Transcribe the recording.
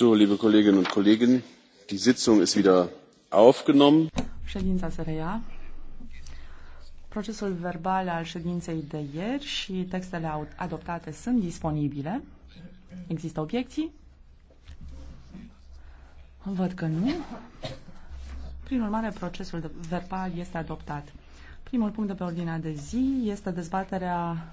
So, liebe Kolleginnen und Kollegen, die Sitzung ist wieder aufgenommen. Ședința se reia. Procesul verbal al ședinței de ieri și textele adoptate sunt disponibile. Există obiecții? Văd că nu. Prin urmare, procesul verbal este adoptat. Primul punct de pe ordinea de zi este dezbaterea